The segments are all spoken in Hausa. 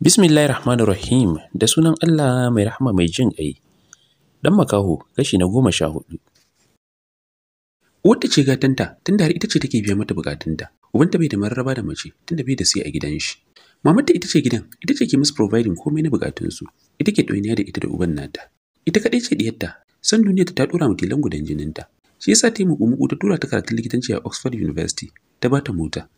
Bismillahir Rahmanir Rahim da sunan Allah mai rahama mai jin ƙai. Dan makaho kashi na goma sha hudu. Uwarta ce gatanta tunda har ita ce take biya mata bukatunta. Ubanta bai da mararraba da mace tunda bai da sai a gidan shi. Mamanta ita ce gidan, ita ce ke musu providing komai na bukatunsu. Ita ke ɗoyiniya da ita da uban nata. Ita kaɗai ce diyarta, san duniyarta ta ɗora mutilan gudan jininta. Shi yasa ta yi muku ta tura ta karatun likitanci a Oxford University, ta ba ta mota,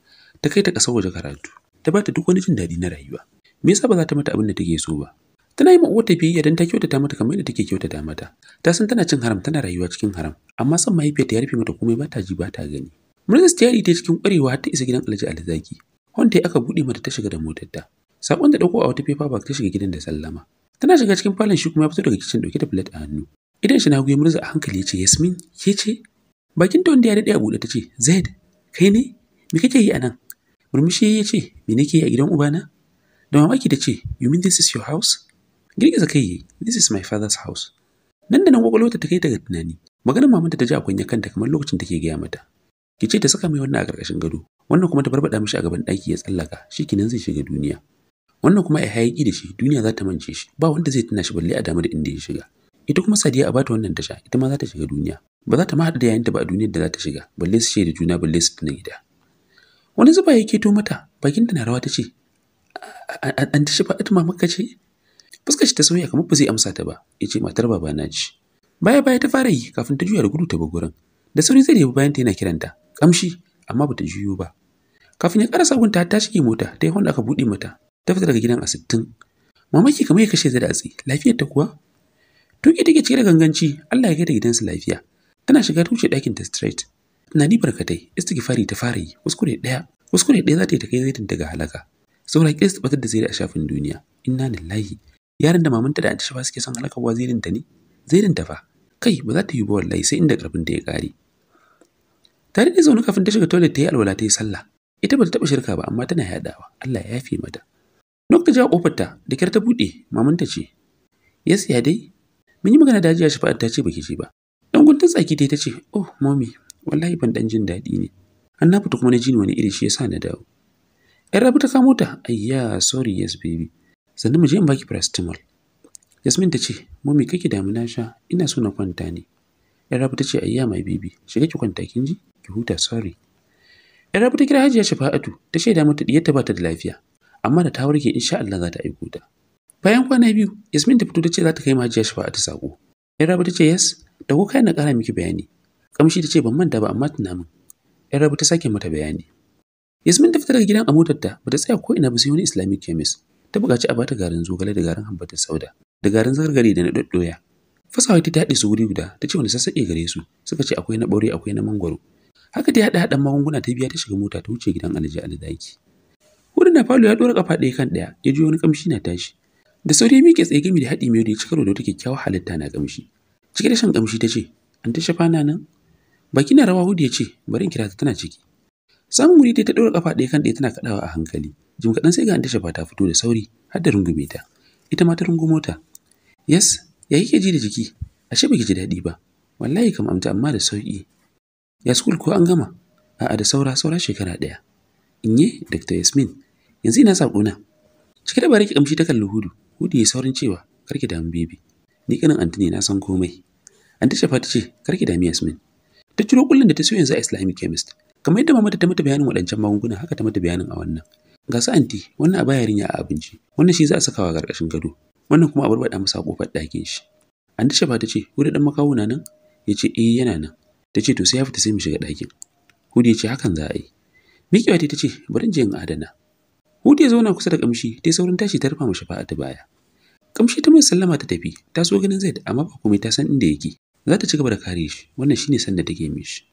ta kai ta ƙasar waje karatu, ta ba ta duk wani jin daɗi na rayuwa. Me yasa ba za ta mata abin da take so ba? Tana yi ma uwarta biyayya don ta kyautata mata kamar yadda take kyautata mata. Ta san tana cin haram tana rayuwa cikin haram, amma son mahaifiyarta ya rufe mata komai ba ta ji ba ta gani. Murnas ta yi ta cikin ƙwarewa har ta isa gidan Alhaji Alzaki. Honta aka buɗe mata ta shiga da ta Sakon da ɗauko a wata paper bag ta shiga gidan da sallama. Tana shiga cikin falon shi kuma ya fito daga kicin ɗauke da plate a hannu. idan shi na goyi murza a hankali ya ce yasmin ke ce bakin ta wanda ya daɗe a buɗe ta ce zaid kai ne me kake yi a nan murmushi ya ce me nake yi a gidan ubana da mamaki ta ce you mean this is your house girgiza kai yi this is my father's house nan da nan kwakwalwarta ta kai daga tunani maganar mamanta ta ji a kunya kanta kamar lokacin ke gaya mata ki ce ta saka mai wannan a ƙarƙashin gado wannan kuma ta barbaɗa mishi a gaban ɗaki ya tsallaka shi kinan zai shiga duniya wannan kuma ya hayaki da shi duniya za ta mance shi ba wanda zai tuna shi balle a damar inda ya shiga ita kuma sadiya a bata wannan tasha ita ma za ta shiga duniya ba za ta ma haɗu da yayinta ba a duniyar da za ta shiga balle su da juna balle su tuna gida wani zuba ya keto mata bakinta na rawa ta ce an tashi ba ita mamaka ce fuskar shi ta sauya kamar ba zai amsa ta ba ya ce matar baba na ce baya baya ta fara yi kafin ta juya da gudu ta bar gurin da sauri zai yabi bayan ta yana kiranta kamshi amma bata juyo ba kafin ya kara sabunta ta shige mota ta yi honda aka buɗe mata ta fita daga gidan a sittin mamaki kamar ya kashe zai da atsi lafiyar ta kuwa Tuki take cike da ganganci, Allah ya kai da gidansu lafiya. Tana shiga tushe ɗakin ta straight. Tunani barkatai, istighfari ta fara yi, kuskure ɗaya, kuskure ɗaya za ta yi ta kai zaitin daga halaka. Saura ƙis ta batar da zai a shafin duniya. Inna lillahi. Yaran da mamanta da shafa suke son halakarwa zairin ta ne? Zairin ta fa. Kai, ba za ta yi ba wallahi sai inda ƙarfin ta ya kare Ta daɗe zaune kafin ta shiga toilet ta yi alwala ta yi sallah. Ita ba ta taɓa shirka ba amma tana yaɗawa. Allah ya yafe mata. Nok ta kofar ta da ta buɗe mamanta ce. Yes ya dai mun yi magana da hajiya shafa'at ta ce baki je ba dan guntun tsaki dai ta ce oh mommy wallahi ban dan jin daɗi ne an na fita kuma na ji ni wani iri shi yasa na dawo yar rabu ta kamo ta ayya sorry yes baby sannan mu je in baki paracetamol Yasmin ta ce, "Mami kake damu na sha, ina so na kwanta ne." Yar rabu ta ce, "Ayya mai bibi, shiga ki kwanta kin ji? Ki huta sorry." Yar rabu ta kira Hajiya Shafa'atu, ta shaida mata diyar ta bata da lafiya, amma da ta warke insha Allah za ta aiko ta. Bayan kwana biyu, Yasmin ta fito ta ce za ta kai ma jiya Shafa'a ta sako. ‘Yan Rabi ta ce yes, da ko kai na ƙara miki bayani. Kamshi ta ce ban manta ba amma tuna min. ‘Yan Rabi ta sake mata bayani. Yasmin ta fita daga gidan a motar ta, bata tsaya ko ina ba sai wani Islamic chemist. Ta buƙaci a bata garin zogale da garin hambatar sauda, da garin zargare da na doddoya. Fasawa ta daɗe su wuri guda, ta ce wani sassaƙe gare su, suka ce akwai na ɓaure akwai na mangwaro. Haka ta haɗa haɗan magunguna ta biya ta shiga mota ta wuce gidan Alhaji Alzaki. Wurin na falo ya ɗora ƙafa ɗaya kan ɗaya, ya ji wani ƙamshi na tashi. Da sauri ya miƙe tsaye gami da haɗi mai da ya ci da wata kyakkyawa halitta na kamshi. Cike da shan ƙamshi ta ce, An ta shafa nan? Baki na rawa hudu ya ce, Bari kira ta tana ciki. Samun wuri ta ɗora ƙafa ɗaya kan ɗaya tana kaɗawa a hankali. Jim kaɗan sai ga an ta shafa ta fito da sauri har da rungume ta. Ita ma ta rungu mota. Yes, ya kike ji da jiki? Ashe baki ji daɗi ba. Wallahi kam amta amma da sauƙi. Ya school ko an gama? A'a da saura saura shekara ɗaya. Inye, Dr. Yasmin, yanzu ina saƙona. Cike da ki kamshi ta kalli Hudu. Hudu ya saurin cewa, karki ki damu bibi. Ni kanin anti ne na san komai." Anti Shafa ta ce, "Kar ki damu Yasmin." Ta ciro kullun da ta so yanzu a Islamic chemist. Kamar yadda mamata ta mata bayanin waɗancan magunguna haka ta mata bayanin a wannan. Ga su anti, wannan a bayarin ya a abinci, wannan shi za a sakawa ƙarƙashin gado, wannan kuma a barbada masa kofar ƙofar shi. Anti Shafa ta ce, "Hudu dan makawo na nan?" Ya ce, "Eh yana nan." Ta ce, "To sai ya fita sai mu shiga dakin Hudu ya ce, "Hakan za a yi." Mikiwa ta ce, "Bari in je in adana." Hudu ya zauna kusa da kamshi ta saurin tashi ta rufa mashi fa'a ta baya. Kamshi ta mai sallama ta tafi, ta so ganin Zaid amma ba komai ta san inda yake. Za ta ci da kare shi, wannan shine san da take mishi.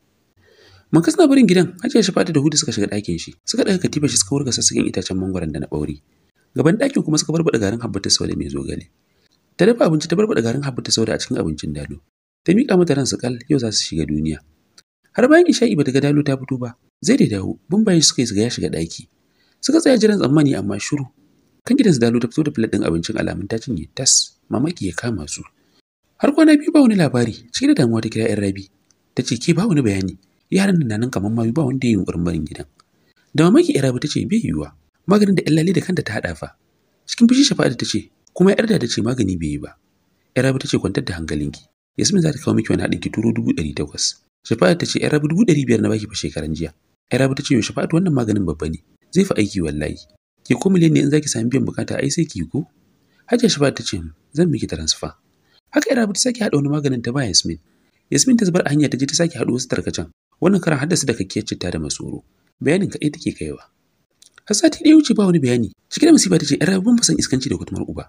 Mankas na barin gidan, Hajiya Shafa'atu da Hudu suka shiga ɗakin shi, suka ɗaga katifa shi suka wurga sassakin itacen mangwaron da na ɓauri. Gaban ɗakin kuma suka barbaɗa garin habbata ta sauda mai zogale. Ta dafa abinci ta barbaɗa garin habbata ta sauda a cikin abincin dalo. Ta mika mata ransu kal yau za su shiga duniya. Har bayan Isha'i bata ga dalo ta fito ba, zai da dawo, bumbayen suka yi ya shiga ɗaki. Suka tsaya jiran tsammani amma shiru. Kan gidan su Dalo ta fito da filet ɗin abincin alamun ta cinye tas, mamaki ya kama su. Har kwana biyu ba wani labari, cike da damuwa ta kira ‘yan rabi. Ta ce ke ba wani bayani, yaran nan nan kamar mayu ba wanda ya yi yunƙurin barin gidan. Da mamaki ‘yan rabi ta ce bai yiwuwa, maganin da ‘yan da kanta ta haɗa fa. Cikin fushi shafa'a ta ce kuma ‘yar da ta ce magani bai yi ba. ‘Yan rabi ta ce kwantar da hankalinki, Yasmin za ta kawo miki wani haɗin ki turo dubu ɗari takwas. Shafa'at ta ce ‘yan rabu dubu ɗari biyar na baki fa shekaran jiya. ‘Yan rabu ta ce yau wannan maganin babba ne. zai fi aiki wallahi ki ko miliyan ne in zaki sami biyan bukata ai sai ki ko shi ba ta ce zan miki transfer haka ira ta sake haɗa wani maganin ta ba Yasmin Yasmin ta zubar a hanya ta je ta sake haɗo wasu tarkacen wannan karan haddasa da kakkiyar citta da masoro bayanin kaɗai take kaiwa har sati ɗaya wuce ba wani bayani cike da musiba ta ce 'yar ban san iskanci da kwatumar uba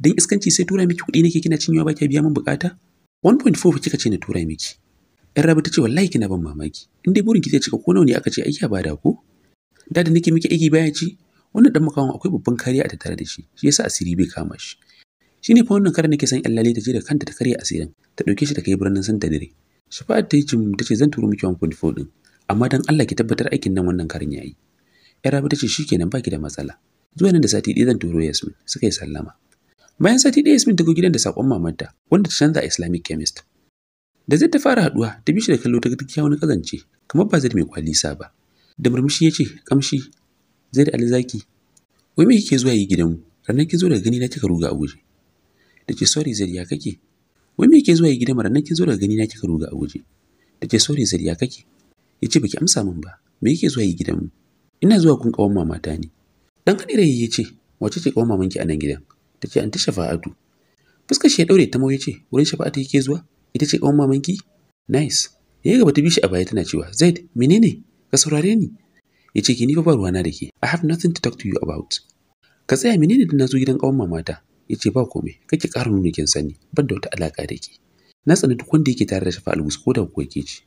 dan iskanci sai tura miki kuɗi nake kina cinyewa ba ki biya min bukata 1.4 kika ce na tura miki. ‘Yan rabu ta ce wallahi kina ban mamaki, in dai ki zai cika ko nawa ne aka ce aiki a bada ko? da da nake miki aiki baya ci, wannan dan makawan akwai babban kariya a tattare da shi shi yasa asiri bai kama shi shine fa wannan karan nake san yan lalle ta je da kanta ta karya asirin ta dauke shi ta kai birnin Santa Dare Shafa'at ta yi jim ta ce zan turo miki 1.4 din amma dan Allah ki tabbatar aikin nan wannan karin yayi yar rabi ta ce shikenan baki da matsala zuwa nan da sati ɗaya zan turo Yasmin suka yi sallama bayan sati ɗaya Yasmin ta go gidan da sakon mamanta wanda ta canza Islamic chemist da zai ta fara haduwa ta bi shi da kallo ta ga kazance kamar ba zai mai kwalisa ba da murmushi ya ce kamshi zai da alzaki wai me kike zuwa yi gidanmu ranar ki zo daga gani na kika ruga a guje da ce sorry zai ya kake wai me kike zuwa yi gidanmu ranar ki zo daga gani na kika ruga a guje da ce sorry zai ya kake ya ce baki amsa min ba me yake zuwa yi gidanmu ina zuwa kun kawon mamata ne dan kadira ya ce wace ce kawon mamanki a nan gidan ta ce ta shafa'atu fuskar shi ya daure ta mawuye ce wurin shafa'atu yake zuwa ita ce kawon mamanki nice yayi gaba ta bi shi a baya tana cewa zaid menene ka saurare ni ya ce ki ni fa ba da ke i have nothing to talk to you about ka tsaya menene da na zo gidan ƙawon mamata ya ce ba komai kake ƙara nuna kin sani ban da wata alaka da ke na tsani duk wanda yake tare da shafa algus ko da kuwa ke ci.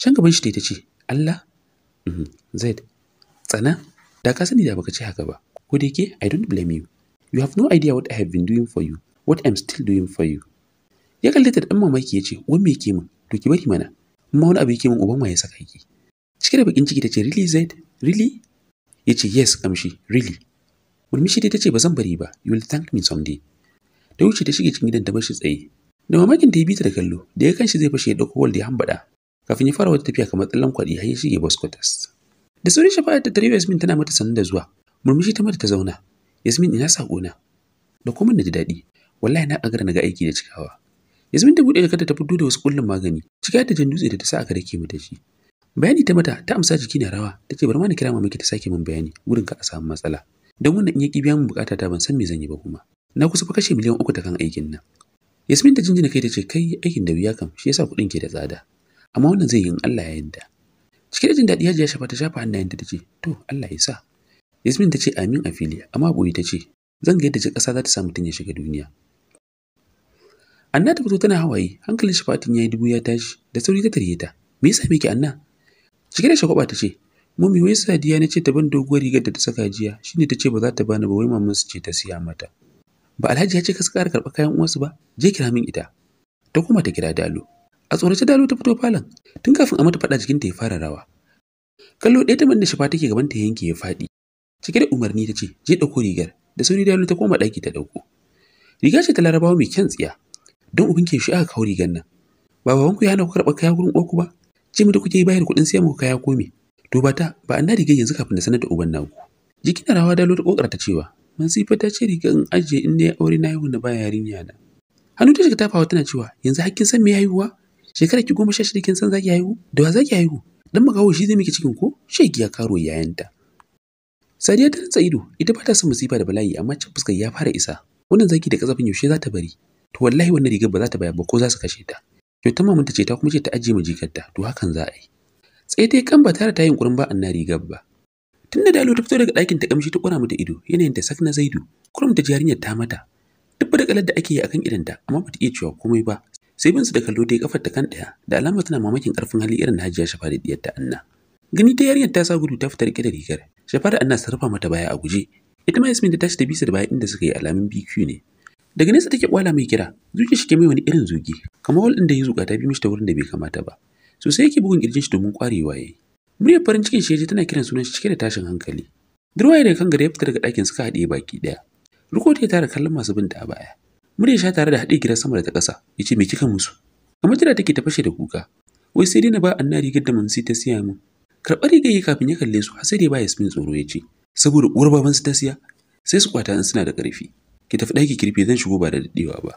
shan gaban shi ta ce Allah mhm, Zaid tsana da ka sani da baka ce haka ba ko da ke, I don't blame you you have no idea what I have been doing for you what I'm still doing for you ya kalle ta da mamaki ya ce "Wani me yake min to ki bari mana amma wani abu yake min uban ma ya saka ki cike da bakin ciki ta ce really zaid really ya yes kamshi really murmushi dai ta ce ba zan bari ba you will thank me someday da wuce ta shige cikin gidan ta bar tsaye da mamakin ta yi bita da kallo da ya kanshi zai fashe ya dauko wall da ya hambada kafin ya fara wata tafiya kamar tsallan kwaɗi har ya shige boskotas da sauri shafa'a ta tare yasmin tana mata sanin da zuwa murmushi ta mata ta zauna yasmin ina sako na da kuma na ji daɗi wallahi na agara naga aiki da cikawa yasmin ta buɗe jakarta ta fito da wasu kullun magani cika da jan dutse da ta sa aka rike mata shi bayani ta mata ta amsa jiki na rawa ta ce bar ma na kira mamaki ta sake min bayani wurin ka a samu matsala don wannan in ya biya min bukata ta ban san me zan yi ba kuma na kusa fa kashe miliyan uku ta kan aikin nan yasmin ta jinjina kai ta ce kai aikin da wuya kam shi yasa kuɗin ke da tsada amma wannan zai yi in Allah ya yarda cike da jin daɗi hajiya shafa ta shafa hannayen ta ce to Allah ya sa yasmin ta ce amin a fili amma boye ta ce zan ga yadda ƙasa za ta sa tun ya shiga duniya anna ta fito tana hawaye hankalin shafatin ya yi dubu ya tashi da sauri ta tarye ta me yasa me anna Cike da shagwaba ta ce, Mummy wai Sadiya na ce ta ban doguwar rigar da ta saka jiya, shine ta ce ba za ta bani ba wai maman su ce ta siya mata. Ba Alhaji ya ce ka ƙara karɓa kayan uwansu ba, je kira min ita. Ta koma ta kira Dalo. A tsorace Dalo ta fito falon, tun kafin a mata faɗa jikinta ya fara rawa. Kallo ɗaya ta manna shafa take gaban ta yanke ya faɗi. Cike da umarni ta ce, je ɗauko rigar, da sauri Dalo ta koma ɗaki ta ɗauko. Riga ce ta larabawa mai kyan tsiya, don ubin ke shi aka kawo rigar nan. Ba babanku ya hana ku karɓa kaya gurin uwarku ba? ce mu da kuke yi bayar kuɗin sai muku kaya ko to ba ta ba an dadi yanzu kafin da sanar da uban naku jikin rawa da ta kokarta cewa mansifa ta ce riga in ajiye in na aure na haihu na ba yarinya na hannu ta shiga tafawa tana cewa yanzu hakkin san me haihuwa shekara ki goma sha shida kin san zaki haihu da wa zaki haihu dan makawo shi zai miki cikin ko shegi ya karo yayanta sadiya ta rantsa ido ita ba ta son musifa da balayi, amma cin fuskar ya fara isa wannan zaki da kazafin yaushe za ta bari to wallahi wannan rigar ba za ta bayar ba ko za su kashe ta kyautar mamanta ce ta kuma ce ta ajiye mu jikarta to hakan za a yi tsaye ta kan ba tare ta yin kurin ba anna rigar ba tunda Dalu ta fito daga ɗakin ta kamshi ta kura mata ido yanayin ta sak zaidu kurum ta jarinyar ta mata duk da kalar da ake yi akan idanta amma ba ta iya cewa komai ba sai bin su da kallo ta kafar ta kan ɗaya da alama tana mamakin karfin hali irin na hajiya shafa da diyar ta anna gani ta yarinyar ta sa gudu ta fitar kida rigar shafa da anna sarrafa mata baya a guje ita ma yasmin ta tashi ta bisa da baya inda suka yi alamun bq ne daga nesa take kwala mai kira zuciya shi ke mai wani irin zugi kamar wal da ya zuka ta bi mishi ta wurin da bai kamata ba Sosai yake bugun kirjin shi domin kwarewa yayi murya farin cikin shi tana kiran sunan shi cike da tashin hankali durwaye daga kan gare ya fita daga ɗakin suka haɗe baki ɗaya Rukota ta tara kallon masu binta a baya muryar sha tare da haɗe gidan sama da ta ƙasa Ya ce me kika musu kamar jira take ta fashe da kuka wai sai dai na ba anna rigar da mamsi ta siya mu. karɓar rigayi kafin ya kalle su har sai dai ba Yasmin tsoro ya ce saboda uwar babansu ta siya sai su kwata in suna da ƙarfi ki tafi ɗaki kirfi, zan shigo ba da daɗewa ba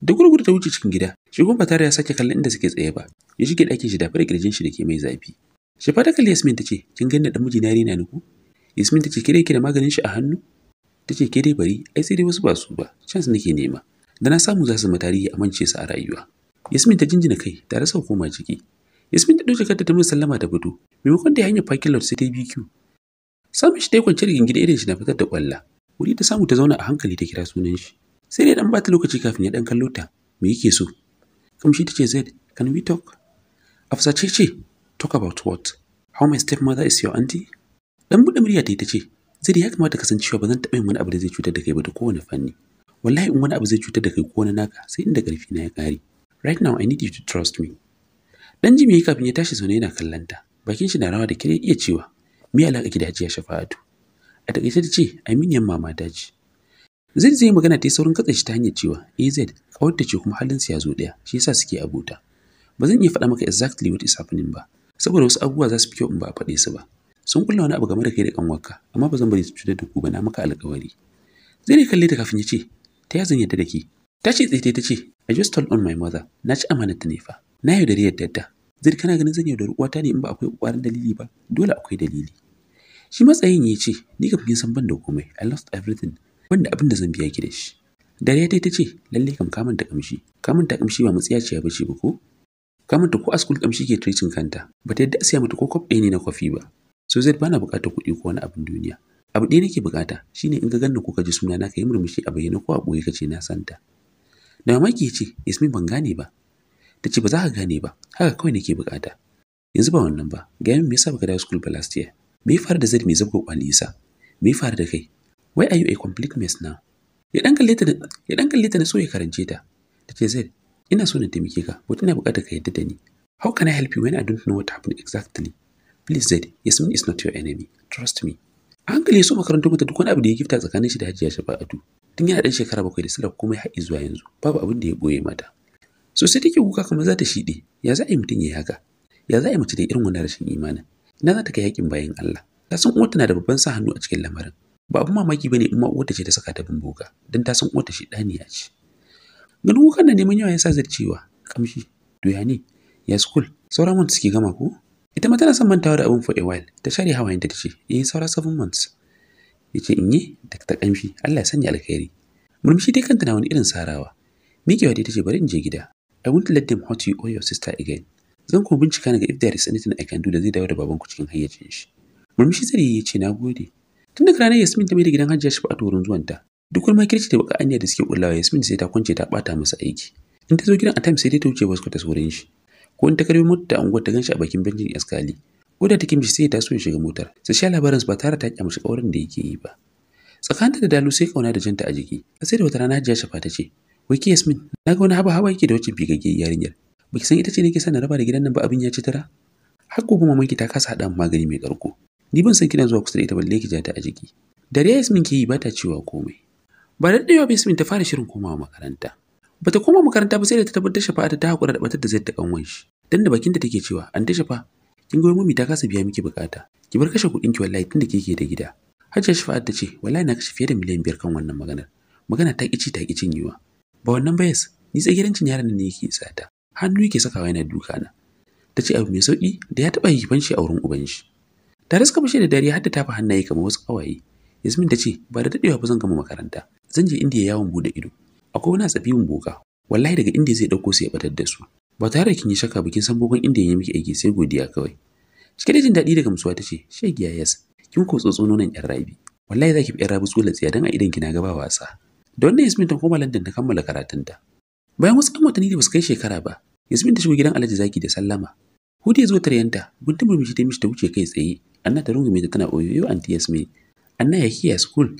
da gurgur ta wuce cikin gida shigo ba tare ya sake kallon inda suke tsaye ba ya shige ɗakin shi da fara kirjin shi da ke mai zafi Shi fata kalli yasmin ta ce kin ganna dan na rena ni ku? yasmin ta ce ki da maganin shi a hannu ta ce ke dai bari ai sai dai wasu ba su ba chance nake nema da na samu za su ma tarihi a mance su a rayuwa yasmin ta jinjina kai tare sa koma ciki yasmin ta ɗauke kanta ta min sallama ta fito maimakon da hanyar parking lot sai ta ku samun shi ta yi kwanciyar irin shi na fitar da kwalla wuri ta samu ta zauna a hankali ta kira sunan shi sai dai dan bata lokaci kafin ya dan kallo ta me yake so kamshi tace Zaid can we talk Afsa ce ce talk about what how my stepmother is your auntie dan bude murya ta tace Zaid ya kamata ka san cewa ba zan taba yin wani abu da zai cutar da kai ba da kowane fanni wallahi in wani abu zai cutar da kai ko wani naka sai inda karfi na ya kare right now i need you to trust me dan jimi kafin ya tashi zaune yana kallanta bakin shi na rawa da kire iya cewa me alaka ki da hajiya shafa'atu a takaice ta ce aminiyan mama ta ce zai zai magana ta yi saurin katse shi ta hanyar cewa az kawar ce kuma halinsu ya zo ɗaya shi yasa suke abota ba zan iya faɗa maka exactly what is happening ba saboda wasu abubuwa za su fi kyau in ba a faɗe su ba sun kulla wani abu game da kai da kanwarka amma ba zan bari su cutar da ku ba na maka alƙawari zai ne kalle ta kafin ya ce ta yi yadda da ke ta ce tsaye ta ce A just told on my mother na ci amanar ta ne na yaudari yadda da zai kana ganin zan yaudari uwata ne in ba akwai ƙwarin dalili ba dole akwai dalili shi matsayin ya ce ni kam kin san ban da komai i lost everything wanda abin da zan biya ki da shi dare dai ta ce lalle kam kamun ta kamshi kamun ta kamshi ba matsiya ce ba ce ba ko kamun ta ko a school kamshi ke tricin kanta ba ta yadda a siya mata ko kwaf ɗaya ne na kwafi ba so zai bana buƙatar kuɗi ko wani abin duniya abu ɗaya nake buƙata shine in ga ganna ko ka ji suna na kai murmushi a bayyana ko a ɓoye ka ce na santa da mamaki ya ce ismi ban gane ba ta ce ba za ka gane ba haka kawai nake bukata yanzu ba wannan ba ga me yasa baka dawo school ba last year Me ya faru da zai mai zubgo isa? Me ya faru da kai? Why are you a complete mess now? Ya dan kalle ta na so ya karance ta. Ta ce zai. ina so na taimake ka, but ina buƙatar ka yadda da ni. How can I help you when I don't know what happened exactly? Please yes Yasmin is not your enemy. Trust me. A hankali ya so makarantar mata duk wani abu da ya gifta tsakanin shi da Hajiya Shafa'atu. Tun yana dan shekara bakwai da sila komai har zuwa yanzu, babu abin da ya boye mata. So sai take kuka kamar za ta shiɗe, ya za a yi mutum ya yi haka? Ya za a yi mace da irin wannan rashin imanin? ina za ta kai haƙƙin bayan Allah ta san uwarta na da babban sa hannu a cikin lamarin ba abin mamaki bane in ma uwarta ce ta saka ta bumbuga dan ta san uwarta shi ɗaniya ce ganin kukan da neman yawa ya sa zarcewa kamshi doya ne ya school sauran mun suke gama ko ita ma tana son mantawa da abin for a while ta share hawayen ta ce eh saura seven months ya ce in yi da ta kamshi Allah ya sanya alkhairi murmushi dai kanta na wani irin sarawa miƙewa dai ta ce bari in je gida I won't let them hurt you or your sister again. zan kuma bincika ga if there is anything I can do da zai dawo da babanku cikin hayyacin shi murmushi zari ya ce nagode tun da ranar Yasmin ta mai da gidan Hajiya Shafa'atu wurin zuwanta duk wani makirci da baka anya da suke kullawa Yasmin sai ta kwance ta bata masa aiki in ta zo gidan a time sai dai ta wuce wasu ta wurin shi ko in ta karbi mota ta unguwar ta ganshi a bakin benjin Eskali ko da ta kimshi sai ta so ya shiga motar sai sha labarin ba tare ta kyamshi kaurin da yake yi ba tsakanta da dalu sai kauna da janta a jiki sai da wata rana Hajiya Shafa ta ce Wiki Yasmin na ga wani haba haba yake da wacce bigagge yarinyar baki san ita ce nake son raba da gidan nan ba abin ya ci tara har gobe ki ta kasa hada magani mai karko. ni ban san kina zuwa kusa da ita balle ki ja a jiki dariya Yasmin ke yi ba ta cewa komai ba daɗewa Yasmin ta fara shirin komawa makaranta bata koma makaranta ba sai da ta tabbatar shafa ta haƙura da batar da zai ta kanwan shi dan da bakinta take cewa an ta shafa kin ga mami ta kasa biya miki bukata ki bar kashe kuɗin ki wallahi tunda kike da gida Hajiya shafa ta ce, wallahi na kashe fiye da miliyan biyar kan wannan maganar. Magana ta kici ta kici yiwa. Ba wannan bayas, ni tsagirancin yaran ne yake tsata. hannu yake sakawa yana duka na ta ce abu mai sauki da ya taɓa yi fanshi a wurin ubanshi ta tare suka da dare har da tafa hannaye kamar wasu ƙawaye yasmin ta ce ba da daɗewa ba zan gama makaranta zan je indiya yawon buɗe ido akwai wani mun boka wallahi daga indiya zai dauko su ya ɓatar da su ba tare da kin yi shakka ba kin san bokon indiya ya miki aiki sai godiya kawai cike da jin daɗi daga musuwa ta ce shegiya yas kin ko tsotso nonon yan rabi wallahi zaki fi yan rabi tsula tsiya dan a idan kina ga ba wasa da wannan yasmin ta koma london ta kammala karatunta Bayan wasu ɗan watanni da basu kai shekara ba, Yasmin ta shigo gidan Alhaji Zaki da sallama. Hudu ya zo taryanta, gunta murmushi ta mishi ta wuce kai tsaye. Anna ta rungume ta tana oyoyo anti Yasmin. Anna ya kiya school.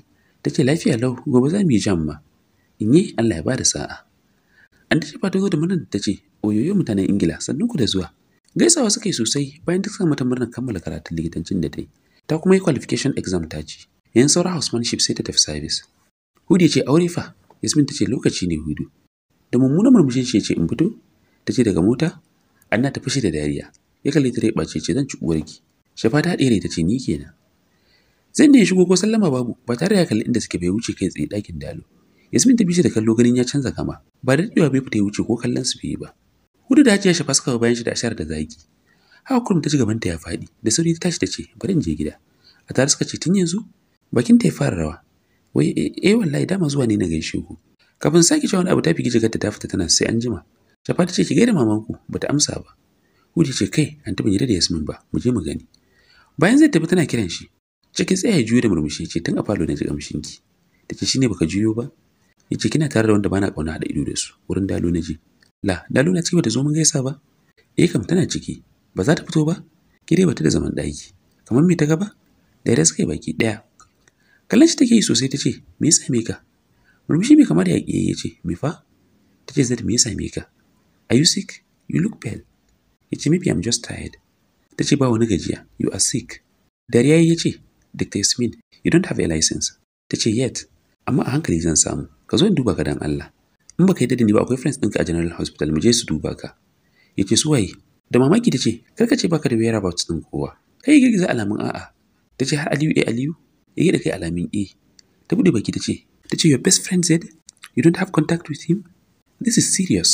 Ta ce lafiya lau, gobe za mu yi jamma. Inye Allah ya da sa'a. An ta shafa ta zo da murnar ta ce, oyoyo mutanen Ingila, sannan ku da zuwa. Gaisawa suka yi sosai bayan ta sa mata murnar kammala karatun likitancin da ta yi. ta kuma yi qualification exam ta ci yan saura housemanship sai ta tafi service hudu ce aure fa yasmin ta ce lokaci ne hudu da mummunan murmushin shi ce in fito ta ce daga mota anna ta shi da dariya ya kalli ta rai ɓace ce zan ci uwarki shafa ta ɗere ta ce ni kenan zan da ya shigo ko sallama babu ba tare da ya kalli inda suke bai wuce kai tsaye ɗakin dalo yasmin ta bishi da kallo ganin ya canza kama ba da daɗewa bai fita ya wuce ko kallon su bai ba hudu da ya shafa suka bayan shi da ashar da zaki haka kurum ta ci gabanta ya faɗi da sauri ta tashi ta ce bari in je gida a tare suka ce tun yanzu bakin ta ya fara rawa wai eh, eh wallahi dama zuwa ne na gaishe ku Kafin sake cewa wani abu ta fi jikarta ta fita tana sai an jima. Shafa ta ce ki gaida mamanku ba ta amsa ba. Hudu ce kai an taɓa gida da Yasmin ba mu je mu gani. Bayan zai tafi tana kiran shi. Ciki tsaya ya juyo da murmushi ce tun a falo na ji ki. Ta shine baka juyo ba. Ya ce kina tare da wanda bana kauna da ido da su wurin dalo na ji. La dalo na ciki bata zo mun gaisa ba. Eh kam tana ciki ba za ta fito ba. Ki dai bata da zaman ɗaki. Kamar me ta gaba? Da ya suka baki daya Kallon shi take yi sosai ta ce me yasa me ka? Rumshi mai kamar yaƙi ya ce, Me fa? Ta ce Zaid me ya same ka? Are you sick? You look pale. Ya ce, I'm just tired. Ta ce ba wani gajiya, you are sick. Dariya ya ce, Dr. Yasmin, you don't have a license. Ta ce, yet, amma a hankali zan samu, ka zo in duba ka dan Allah. In baka yi da ni ba akwai friends ɗinka a General Hospital, mu je su duba ka. Ya ce, su waye? Da mamaki ta ce, kar ka ce baka da whereabouts ɗin kowa. Kai girgiza alamun a'a. Ta ce, har Aliyu eh Aliyu? Ya da kai alamin eh. Ta buɗe baki ta ce, ta ce your best friend said you don't have contact with him this is serious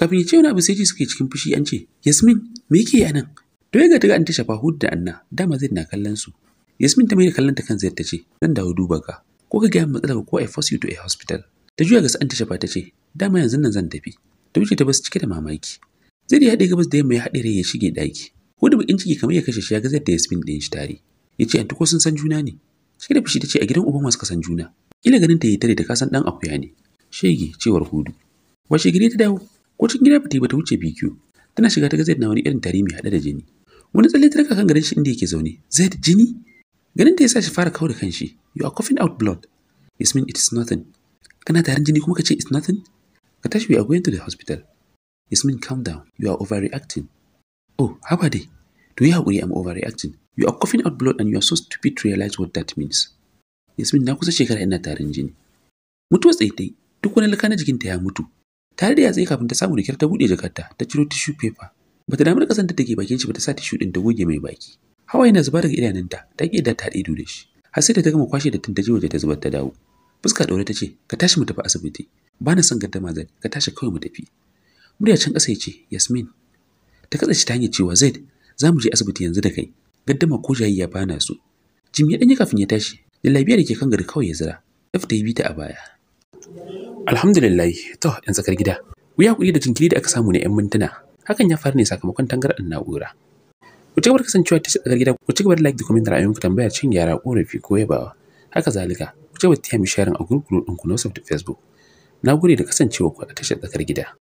kafin ya ce wani abu sai ji suke cikin fushi an ce Yasmin me yake a nan to ya ga ta ga anta shafa hud da Anna dama zai na kallon su Yasmin ta mai da kallon ta kan zai ta ce zan dawo duba ka ko ka gaya matsalar ko I force you to a hospital ta juya ga sa'an tasha shafa ta ce dama yanzu nan zan tafi ta wuce ta bas cike da mamaki zai da ya haɗe gabas da yamma ya haɗe rai ya shige ɗaki ko da bakin ciki kamar ya kashe shi ya ga zai da yasmin ɗin shi tare ya ce an ko sun san juna ne cike da fushi ta ce a gidan uban wasu ka san juna Ile ganin ta yi tare da kasan ɗan akuya ne. Shege cewar hudu. Washe gari ta dawo. cikin gida ba ta yi ba ta wuce BQ. Tana shiga ta ga Zaid na wani irin tari mai haɗe da jini. Wani tsalle ta raka kan garin shi inda yake zaune. Zaid jini? Ganin ta ya sa shi fara kawo da kanshi. You are coughing out blood. This means it is nothing. Kana tarin jini kuma ka ce it's nothing? Ka tashi we are going to the hospital. This means calm down. You are overreacting. Oh, how are they? To yi haƙuri I'm overreacting. You are coughing out blood and you are so stupid to realize what that means. Yasmin na kusa shekara ina tarin jini. Mutuwa tsaye ta yi, duk wani laka na jikinta ya mutu. Tare da tsaye kafin ta samu da ta buɗe jakarta, ta ciro tishu paper. Bata damar da kasan da take bakin shi ta sa tishu ɗin ta goge mai baki. Hawa yana zuba daga idanunta, ta ƙi da ta ido da shi. Har sai da ta gama kwashe da ta je waje ta zubar ta dawo. Fuska ɗaure ta ce, ka tashi mu tafi asibiti. Ba na son gardama zai, ka tashi kawai mu tafi. Murya can ƙasa ya ce, Yasmin. Ta katsace ta hanyar cewa Zaid, za mu je asibiti yanzu da kai. Gaddama ko jayi ya bana so. Jim ya kafin ya tashi, Lallabiya da ke kan gari kawai ya zira. Daf ta yi bita a baya. Alhamdulillah, to ‘yan tsakar gida. Wuya kuɗi da jinkiri da aka samu ne ‘yan mintuna. Hakan ya faru ne sakamakon tangarɗar na'ura. Ku ci gaba da kasancewa ta tsakar gida, ku ci gaba da like da comment da tambaya cin yara ƙorafi ko yabawa. Haka zalika, ku ci gaba da taya mu sharing a gurgurun ɗinku na WhatsApp da Facebook. Na gode da kasancewa ku a tashar tsakar gida.